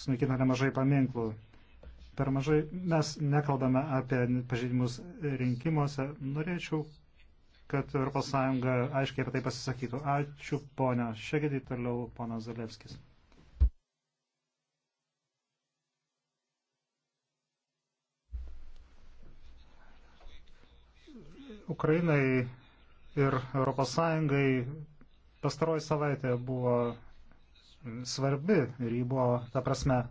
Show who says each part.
Speaker 1: sunaikina nemažai paminklų. Per mažai mes nekalbame apie pažeidimus rinkimuose. Norėčiau, kad ES aiškiai apie tai pasisakytų. Ačiū, ponia. Šiekėdį toliau, ponas Zalevskis. Ukrainai ir ES pastaroji savaitė buvo svarbi ir ji buvo, ta
Speaker 2: prasme,